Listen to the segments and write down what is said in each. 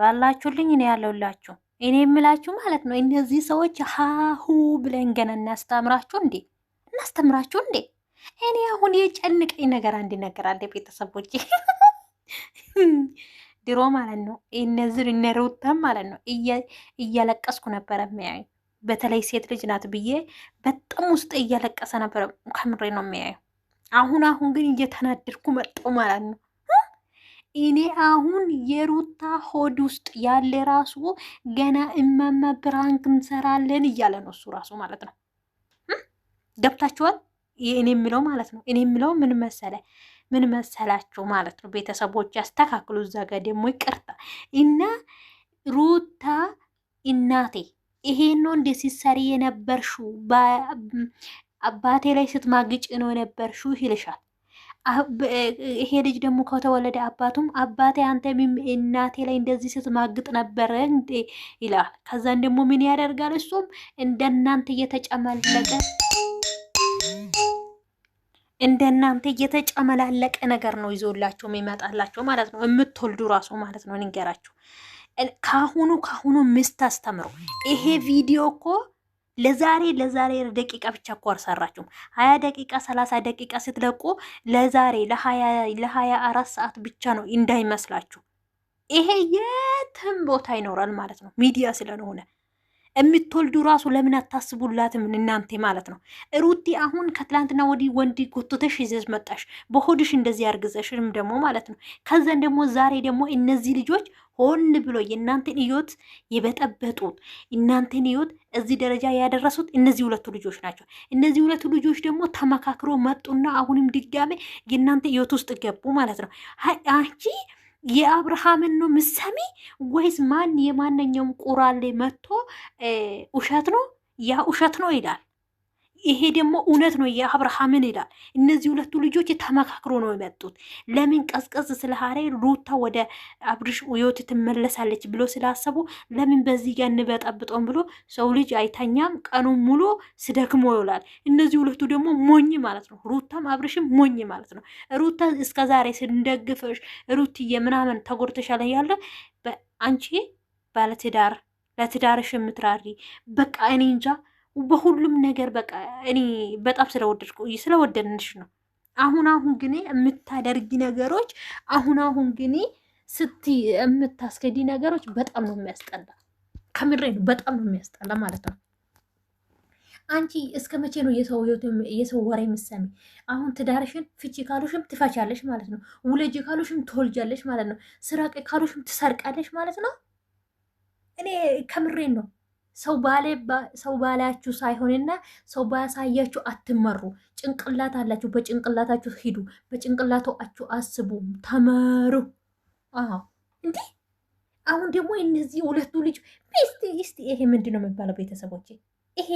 ባላችሁልኝ እኔ ያለውላችሁ እኔ የምላችሁ ማለት ነው እነዚህ ሰዎች ሀሁ ብለን ገና እናስተምራችሁ እንዴ እናስተምራችሁ እንዴ። እኔ አሁን የጨንቀኝ ነገር አንድ ነገር አለ ቤተሰቦች። ድሮ ማለት ነው እነዚህ እነሩታም ማለት ነው እያለቀስኩ ነበረ የሚያዩ በተለይ ሴት ልጅ ናት ብዬ በጣም ውስጥ እያለቀሰ ነበረ። ከምሬ ነው የሚያዩ። አሁን አሁን ግን እየተናደድኩ መጣሁ ማለት ነው። እኔ አሁን የሩታ ሆድ ውስጥ ያለ ራሱ ገና እማማ ብራንክ እንሰራለን እያለ ነው እሱ ራሱ ማለት ነው። ገብታችኋል? እኔ የምለው ማለት ነው። እኔ የምለው ምን መሰለ ምን መሰላችሁ ማለት ነው። ቤተሰቦች ያስተካክሉ። እዛ ጋ ደግሞ ይቅርታ እና ሩታ እናቴ ይሄን ነው እንደ ሲሰሪ የነበርሹ አባቴ ላይ ስትማግጭ ነው የነበርሹ ይልሻል ይሄ ልጅ ደግሞ ከተወለደ አባቱም አባቴ አንተ እናቴ ላይ እንደዚህ ስትማግጥ ነበረ እንዴ ይላል። ከዛን ደግሞ ምን ያደርጋል? እሱም እንደናንተ እየተጨመለቀ እንደናንተ እየተጨመላለቀ ነገር ነው ይዞላቸው የሚመጣላቸው ማለት ነው። የምትወልዱ ራሱ ማለት ነው። ንገራችሁ ካሁኑ ካሁኑ ምስት አስተምሮ ይሄ ቪዲዮ እኮ ለዛሬ ለዛሬ ደቂቃ ብቻ እኮ አልሰራችሁም። ሀያ ደቂቃ ሰላሳ ደቂቃ ስትለቁ ለዛሬ ለሀያ አራት ሰዓት ብቻ ነው እንዳይመስላችሁ። ይሄ የትም ቦታ ይኖራል ማለት ነው ሚዲያ ስለሆነ የምትወልዱ ራሱ ለምን አታስቡላትም እናንተ ማለት ነው። ሩቲ አሁን ከትላንትና ወዲህ ወንድ ጎትተሽ ይዘሽ መጣሽ፣ በሆድሽ እንደዚህ አርግዘሽም ደግሞ ማለት ነው። ከዛን ደግሞ ዛሬ ደግሞ እነዚህ ልጆች ሆን ብሎ የእናንተን ህይወት የበጠበጡት እናንተን ህይወት እዚህ ደረጃ ያደረሱት እነዚህ ሁለቱ ልጆች ናቸው። እነዚህ ሁለቱ ልጆች ደግሞ ተመካክሮ መጡና አሁንም ድጋሜ የእናንተ ህይወት ውስጥ ገቡ ማለት ነው አንቺ የአብርሃምን ነው ምሰሚ ወይስ ማን የማንኛውም ቁራሌ መጥቶ ውሸት ነው ያ ውሸት ነው ይላል። ይሄ ደግሞ እውነት ነው የአብርሃምን ይላል። እነዚህ ሁለቱ ልጆች ተመካክሮ ነው የመጡት። ለምን ቀዝቀዝ ስለ ሀሬ ሩታ ወደ አብርሽ ውዮት ትመለሳለች ብሎ ስላሰቡ ለምን በዚህ ጋር እንበጠብጠን ብሎ ሰው ልጅ አይተኛም፣ ቀኑን ሙሉ ስደክሞ ይውላል። እነዚህ ሁለቱ ደግሞ ሞኝ ማለት ነው። ሩታም አብርሽም ሞኝ ማለት ነው። ሩታ እስከ ዛሬ ስንደግፈሽ ሩትዬ ምናምን ተጎድተሻለ ያለ አንቺ ባለትዳር ለትዳርሽ የምትራሪ በቃ እኔ እንጃ በሁሉም ነገር በቃ እኔ በጣም ስለወደድኩ ስለወደድንሽ ነው። አሁን አሁን ግን የምታደርጊ ነገሮች አሁን አሁን ግን ስቲ የምታስገዲ ነገሮች በጣም ነው የሚያስጠላ። ከምሬ ነው በጣም ነው የሚያስጠላ ማለት ነው። አንቺ እስከ መቼ ነው የሰው ወሬ የምትሰሚ? አሁን ትዳርሽን ፍቺ ካሉሽም ትፈቻለሽ ማለት ነው። ውለጅ ካሉሽም ትወልጃለሽ ማለት ነው። ስራቅ ካሉሽም ትሰርቃለሽ ማለት ነው። እኔ ከምሬን ነው ሰው ባላችሁ ሳይሆንና ሰው ባያሳያችሁ አትመሩ። ጭንቅላት አላችሁ፣ በጭንቅላታችሁ ሂዱ፣ በጭንቅላታችሁ አስቡ፣ ተመሩ። አዎ አሁን ደግሞ እነዚህ ሁለቱ ልጅ ስቲ ስቲ ይሄ ምንድን ነው የሚባለው? ቤተሰቦች ይሄ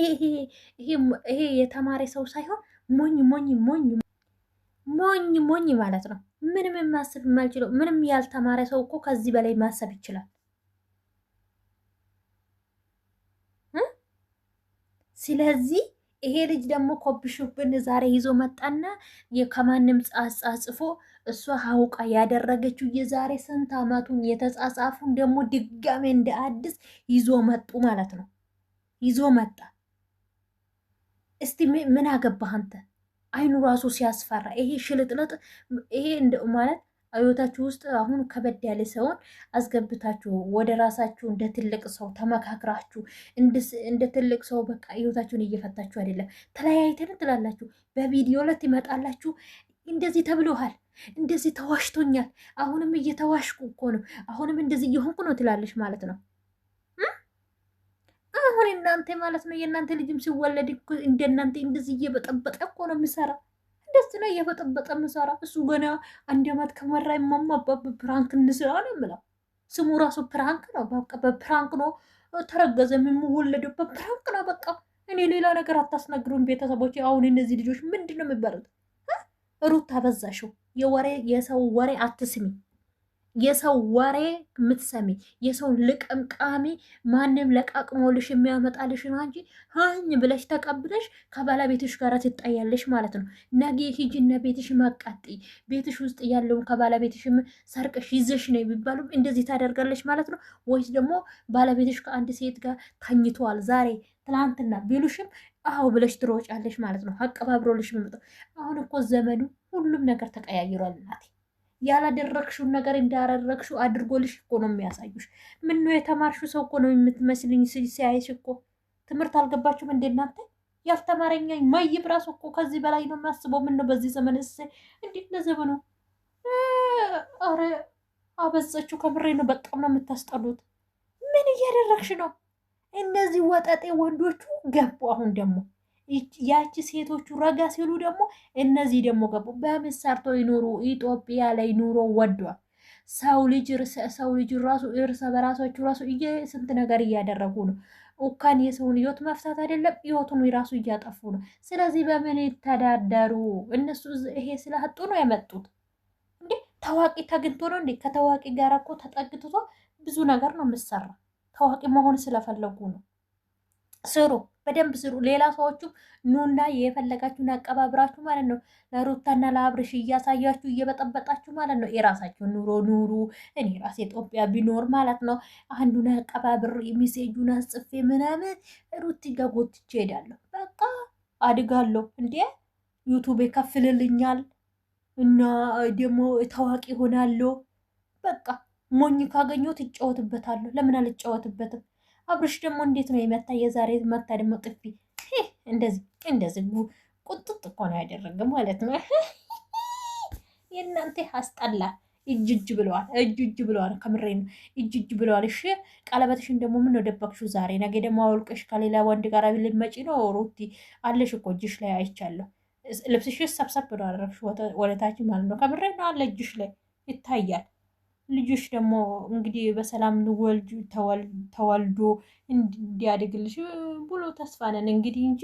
የተማረ ሰው ሳይሆን ሞኝ ሞኝ ሞኝ ሞኝ ሞኝ ማለት ነው። ምንም ማሰብ የማልችለው ምንም ያልተማረ ሰው እኮ ከዚህ በላይ ማሰብ ይችላል። ስለዚህ ይሄ ልጅ ደግሞ ኮብሹብን ዛሬ ይዞ መጣና ከማንም ጻጻጽፎ እሷ ሀውቃ ያደረገችው የዛሬ ስንት አመቱን የተጻጻፉን ደግሞ ድጋሜ እንደ አዲስ ይዞ መጡ ማለት ነው። ይዞ መጣ። እስቲ ምን አገባህ አንተ? አይኑ ራሱ ሲያስፈራ ይሄ ሽልጥለጥ ይሄ ማለት ህይወታችሁ ውስጥ አሁን ከበድ ያለ ሰውን አስገብታችሁ ወደ ራሳችሁ እንደ ትልቅ ሰው ተመካክራችሁ እንደ ትልቅ ሰው በቃ ህይወታችሁን እየፈታችሁ አይደለም። ተለያይተን ትላላችሁ፣ በቪዲዮ ላይ ትመጣላችሁ። እንደዚህ ተብሎሃል፣ እንደዚህ ተዋሽቶኛል፣ አሁንም እየተዋሽኩ እኮ ነው፣ አሁንም እንደዚህ እየሆንኩ ነው ትላለች ማለት ነው። አሁን እናንተ ማለት ነው የእናንተ ልጅም ሲወለድ እንደናንተ እንደዚህ እየበጠበጠ እኮ ነው የሚሰራ እንደሱ ነው እየበጠበጠ ምሰራ። እሱ ገና አንድ አመት ከመራ የማማባብ ፕራንክ እንስራ ነው የምለው። ስሙ ራሱ ፕራንክ ነው። በቃ በፕራንክ ነው ተረገዘ የምወለደው በፕራንክ ነው። በቃ እኔ ሌላ ነገር አታስነግሩን ቤተሰቦች። አሁን እነዚህ ልጆች ምንድን ነው የሚባሉት? ሩት አበዛሽው። የወሬ የሰው ወሬ አትስሚ። የሰው ወሬ የምትሰሚ የሰው ልቅምቃሚ ማንም ለቃቅሞልሽ የሚያመጣልሽ ነው እንጂ ሀኝ ብለሽ ተቀብለሽ ከባለቤትሽ ጋር ትጠያለሽ ማለት ነው። ነገ ሂጂና ቤትሽ ማቃጢ ቤትሽ ውስጥ ያለውን ከባለቤትሽ ሰርቅሽ ይዘሽ ነው የሚባሉ እንደዚህ ታደርጋለሽ ማለት ነው። ወይስ ደግሞ ባለቤትሽ ከአንድ ሴት ጋር ተኝተዋል ዛሬ ትላንትና ቢሉሽም አሁ ብለሽ ትሮጫለሽ ማለት ነው። አቀባብሮልሽ የሚመጣው አሁን እኮ ዘመኑ ሁሉም ነገር ተቀያይሯል እናቴ። ያላደረግሽውን ነገር እንዳረረግሽው አድርጎልሽ እኮ ነው የሚያሳዩሽ። ምን ነው የተማርሽው ሰው እኮ ነው የምትመስልኝ ሲያይሽ እኮ። ትምህርት አልገባችሁም እንዴ እናንተ? ያልተማረኛኝ ማይብ ራሱ እኮ ከዚህ በላይ ነው የሚያስበው። ምን ነው በዚህ ዘመን ስ እንዴት ለዘመኑ አረ አበዛችሁ። ከምሬ ነው። በጣም ነው የምታስጠሉት። ምን እያደረግሽ ነው? እነዚህ ወጠጤ ወንዶቹ ገቡ። አሁን ደግሞ ያቺ ሴቶቹ ረጋ ሲሉ ደግሞ እነዚህ ደግሞ ገቡ። በምን ሰርቶ ይኑሩ? ኢትዮጵያ ላይ ኑሮ ወዷል። ሰው ልጅ ሰው ልጅ ራሱ እርሰ በራሶቹ ራሱ ስንት ነገር እያደረጉ ነው። ኡካን የሰውን ህይወት መፍታት አይደለም ህይወቱን ራሱ እያጠፉ ነው። ስለዚህ በምን ይተዳደሩ? እነሱ ይሄ ስለሀጡ ነው ያመጡት። እንዴ ታዋቂ ተግንቶ ነው እንዴ? ከታዋቂ ጋር እኮ ተጠግትቶ ብዙ ነገር ነው የምሰራ። ታዋቂ መሆን ስለፈለጉ ነው። ስሩ በደንብ ስሩ። ሌላ ሰዎቹም ኑና የፈለጋችሁን አቀባብራችሁ ማለት ነው። ለሩታና ለአብርሽ እያሳያችሁ እየበጠበጣችሁ ማለት ነው። የራሳችሁን ኑሮ ኑሩ። እኔ ራሴ ኢትዮጵያ ቢኖር ማለት ነው አንዱን አቀባብር የሚሴጁን አስጽፌ ምናምን ሩቲ ጋር ጎትቼ ሄዳለሁ። በቃ አድጋለሁ እንዴ ዩቱብ ይከፍልልኛል እና ደግሞ ታዋቂ ሆናለሁ። በቃ ሞኝ ካገኘሁት እጫወትበታለሁ። ለምን አልጫወትበትም? አብርሽ ደግሞ እንዴት ነው የመታ የዛሬ መታ ደግሞ ጥፊ እንደዚህ እንደዚህ ቁጥጥ እኮ ነው ያደረገ ማለት ነው። የእናንተ አስጠላ። እጅጅ ብለዋል፣ እጅጅ ብለዋል። ከምሬ ነው፣ እጅ ብለዋል። እሺ ቀለበትሽን ደግሞ ምን ነው ደበቅሽው ዛሬ? ነገ ደግሞ አውልቀሽ ከሌላ ወንድ ጋር ልትመጪ ነው። ሩቲ አለሽ እኮ እጅሽ ላይ አይቻለሁ። ልብስሽ ሰብሰብ ነው አደረግሽ ወደታች ማለት ነው። ከምሬ ነው፣ አለ እጅሽ ላይ ይታያል። ልጆች ደግሞ እንግዲህ በሰላም ልወልድ ተወልዶ እንዲያድግልሽ ብሎ ተስፋ ነን እንግዲህ እንጂ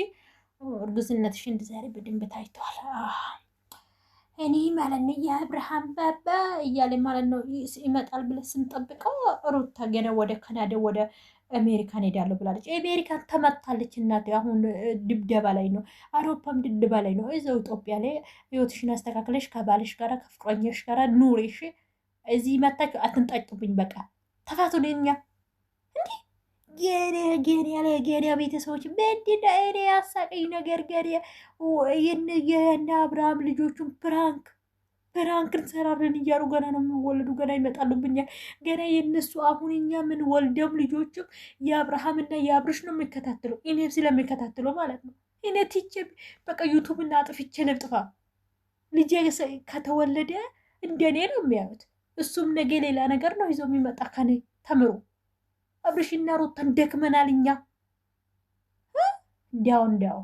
እርግዝነትሽ እንድዛሬ በደንብ ታይተዋል። እኔ ማለት ነው የአብርሃም ባባ እያለ ማለት ነው ይመጣል ብለን ስንጠብቀው ሩታ ገና ወደ ካናዳ ወደ አሜሪካን ሄዳለሁ ብላለች። አሜሪካን ተመታለች እናቴ። አሁን ድብደባ ላይ ነው፣ አውሮፓም ድብደባ ላይ ነው። እዛው ኢትዮጵያ ላይ ህይወትሽን አስተካክለሽ ከባልሽ ጋራ ከፍቅረኛሽ ጋራ ኑሬሽ እዚህ መታችሁ አትንጣጩብኝ። በቃ ተፋቱ ደኛ እንዲ ገኔ ገኔ ያለ ገኔ ቤተሰቦች ምንድነ እኔ ያሳቀኝ ነገር ገኔ የና አብርሃም ልጆቹን ፕራንክ ፕራንክ እንሰራለን እያሉ ገና ነው የምወለዱ፣ ገና ይመጣሉብኛል። ገና የእነሱ አሁን እኛ ምን ወልደም ልጆችም የአብርሃምና የአብርሽ ነው የሚከታተለው። እኔም ስለሚከታተለው ማለት ነው እኔ ትቼ በቃ እና አጥፍቼ ልጥፋ። ልጄ ከተወለደ እንደኔ ነው የሚያዩት። እሱም ነገ ሌላ ነገር ነው ይዞ የሚመጣ ከኔ ተምሮ አብርሽና ሩተን ደክመናል እኛ እንዲያው እንዲያው